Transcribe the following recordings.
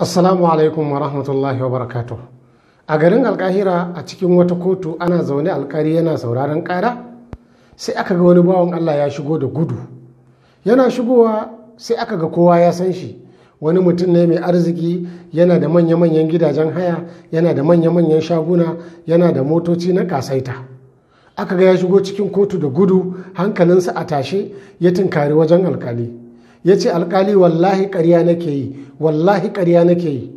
Assalamu alaikum wa rahmatullahi wa barakatuh. A garin Alkahira a cikin wata kotu ana zaune alkari yana sauraron kara sai aka ga wani bawan Allah ya shigo da gudu. Yana shigowa sai aka ga kowa ya san shi wani mutum ne mai arziki yana da manya-manyan gidajen haya yana da manya-manyan shaguna yana da motoci na kasaita. Aka ga ya shigo cikin kotu da gudu hankalinsa a tashe ya tunkari wajen alkali. ya ce alkali wallahi ƙarya nake yi wallahi ƙarya nake yi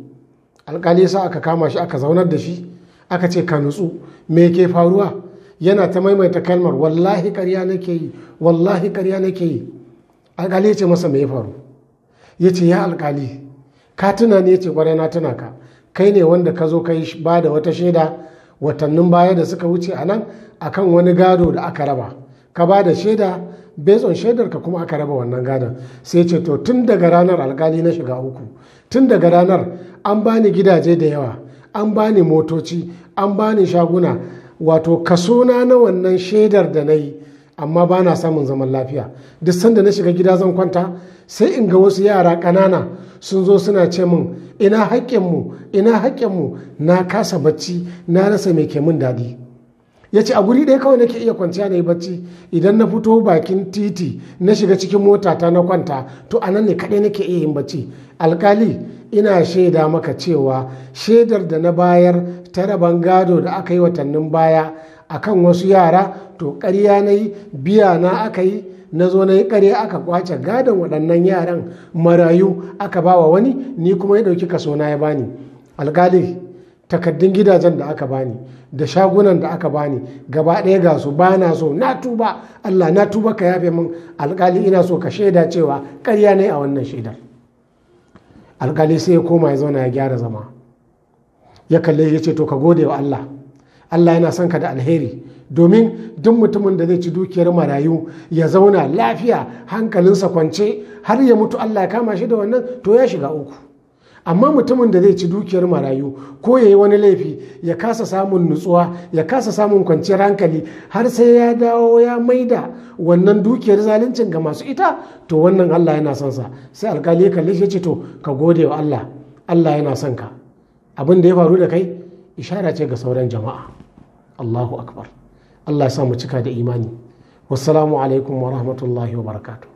alkali sa aka kama shi aka zaunar da shi aka ce ka nutsu me ke faruwa yana ta maimaita kalmar wallahi ƙarya nake yi wallahi ƙarya nake yi alkali ya ce masa me ya faru ya ce ya alkali ka tuna ne ya ce kwarai na tuna ka kai ne wanda ka zo kai ba da wata shaida watannin baya da suka wuce a nan akan wani gado da aka raba ka ba da shaida based on ka kuma aka raba wannan gadon sai ce to tun daga ranar alkali na shiga uku tun daga ranar an bani gidaje da yawa an bani motoci an bani shaguna wato kaso na na wannan shaidar da na yi amma ba na samun zaman lafiya duk sanda na shiga gida zan kwanta sai in ga wasu yara ƙanana sun zo suna ce min ina haƙƙinmu ina haƙƙinmu na kasa bacci na rasa mai ke min daɗi ya ce a guri ɗaya kawai nake iya kwanciya na yi bacci idan na fito bakin titi na shiga cikin mota ta na kwanta to a nan ne kaɗai nake iya yin bacci alkali ina shaida maka cewa shaidar da na bayar ta gado da aka yi watannin baya a kan wasu yara to ƙarya na yi biya na aka yi na zo na yi ƙarya aka kwace gadon waɗannan yaran marayu aka ba wa wani ni kuma ya ɗauki kaso na ya bani alkali takaddun gidajen da aka bani da shagunan da aka bani gaba ɗaya ga su ba na so na tuba Allah na tuba ka yafe min alkali ina so ka shaida cewa ƙarya ne a wannan shaidar alkali sai ya koma ya zauna ya gyara zama ya kalle ya ce to ka gode wa Allah Allah yana son ka da alheri domin duk mutumin da zai ci dukiyar marayu ya zauna lafiya hankalinsa kwance har ya mutu Allah ya kama shi da wannan to ya shiga uku amma mutumin da zai ci dukiyar marayu ko ya yi wani laifi ya kasa samun nutsuwa ya kasa samun kwanciyar hankali har sai ya dawo ya maida wannan dukiyar zaluncin ga masu ita to wannan allah yana son sa sai alkali ya kalli shi ce to ka gode wa allah allah yana son ka abin da ya faru da kai ishara ce ga sauran jama'a allahu akbar allah ya sa mu cika da imani wassalamu alaikum wa rahmatullahi wa barakatuh